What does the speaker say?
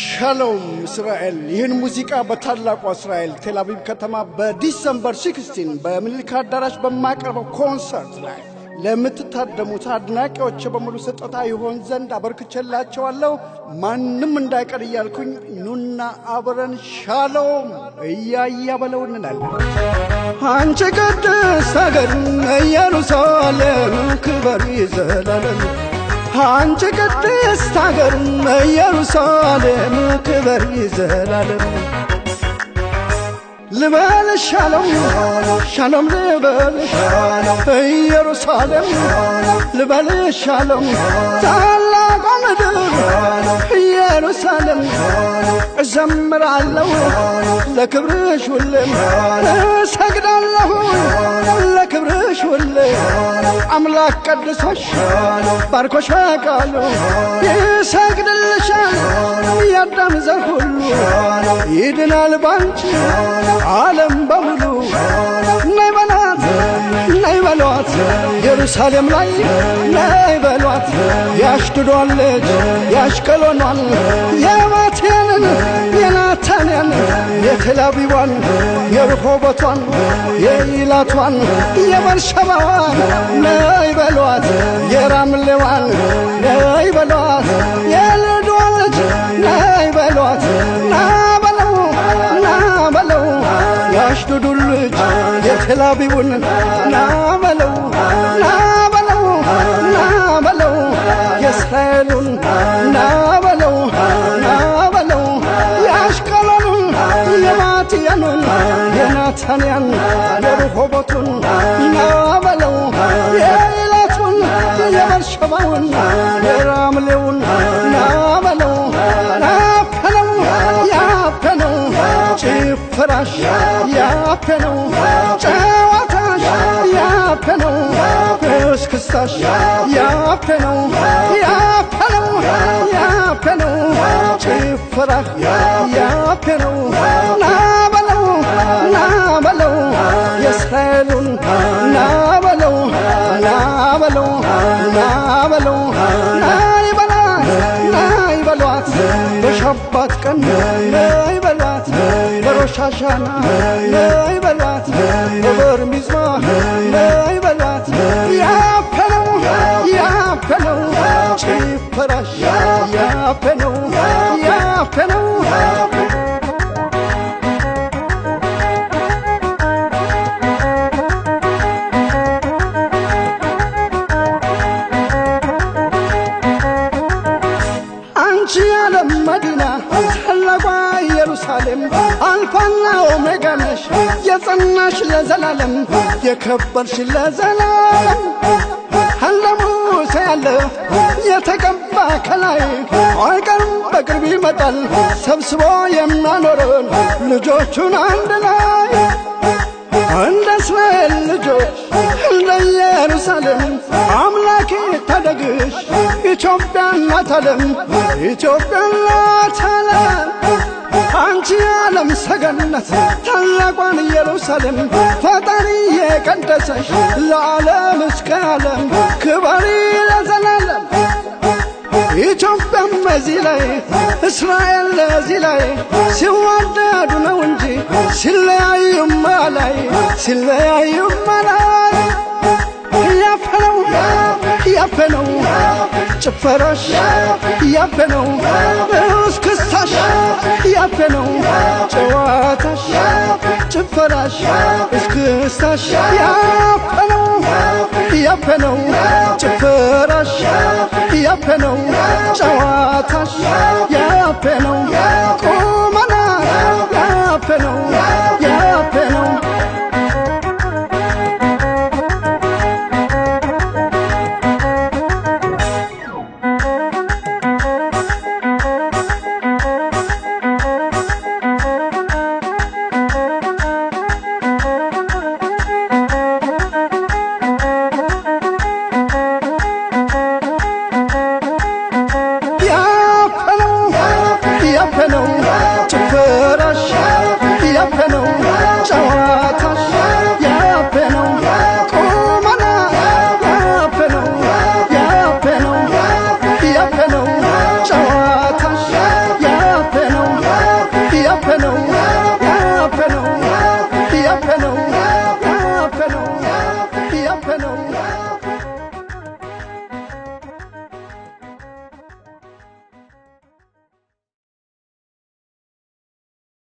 ሻሎም እስራኤል ይህን ሙዚቃ በታላቁ እስራኤል ቴልአቪቭ ከተማ በዲሰምበር 16 በምኒልክ አዳራሽ በማቀርበው ኮንሰርት ላይ ለምትታደሙት አድናቂዎች በሙሉ ስጦታ ይሆን ዘንድ አበርክቼላቸዋለሁ። ማንም እንዳይቀር እያልኩኝ ኑና አብረን ሻሎም እያያ በለው እንላለን። አንቺ ቅድስት ሀገር ኢየሩሳሌም ክበር ይዘላለም አንቺ ቅድስት አገር ኢየሩሳሌም ክብር ይዘላለም ልበል ሻሎም ሻሎም ልበል ኢየሩሳሌም ልበል ሻሎም ታላቋ ምድር ኢየሩሳሌም እዘምራለሁ ለክብርሽ ሁሌም እሰግዳለሁ ሁሌ አምላክ ቀድሶሽ ባርኮሽ ቃሉ ይሰግድልሻል ያዳም ዘር ሁሉ ይድናል ባንቺ ዓለም በሙሉ ናይ በላት ናይ በሏት ኢየሩሳሌም ላይ ናይ በሏት ያሽድዶለች ያሽቀሎኗል የማቴንን የናት የክላቢዋን የርኮቦቷን የኢላቷን የመርሸባዋን ነይ በሏት የራምሌዋን ነይ በሏት የልዷ ልጅ ነይ በሏት ና በለው ና በለው ያሽዱዱ ልጅ የክላቢውን ና በለው የማትያኑን የናታንያን የርሆቦቱን ናበለው የኢላቱን የበርሸባውን የራምሌውን ናበለው ናፈነው ያፈነው ጭፍራሽ ያፈነው ጨዋታሽ ያፈነው ክስክስታሽ ያፈነው ያፈነው ያፈነው ጭፍራ ያፈነው በሏት በሻባት ቀን ነይ በሏት በሮሻሻና ነይ በሏት በበር ሚዝማ ነይ በሏት ያፈነው ያፈነው ጭፈራሽ ያፈነው ያፈነው መዲና ታላቋ ኢየሩሳሌም አልፋና ኦሜጋ ነሽ የጸናሽ ለዘላለም የከበርሽ ለዘላለም ለሙሴ ያለ የተቀባ ከላይ አይቀርም በቅርብ ይመጣል ሰብስቦ የሚያኖረን ልጆቹን አንድ ላይ እንደ እስራኤል ልጆች እንደየ ኢየሩሳሌም አምላኬ ታደግሽ ኢትዮጵያ እናት ዓለም ኢትዮጵያ እናት ዓለም አንቺ የዓለም ሰገነት ታላቋን ኢየሩሳሌም ፈጣሪ የቀደሰሽ ለዓለም እስከ ዓለም ክበሪ ለዘላለም ኢትዮጵያም በዚህ ላይ እስራኤል ለዚህ ላይ ሲዋደዱ ነው እንጂ ሲለያዩማ ላይ ሲለያዩማ ላይ ያፈነው ጭፈራሽ ያፈነው እስክስታሽ ያፈነው ጨዋታሽ ጭፈራሽ እስክስታሽ ያፈነው ያፈነው ጭፈራሽ ያፈነው ጨዋታሽ ነው። I know.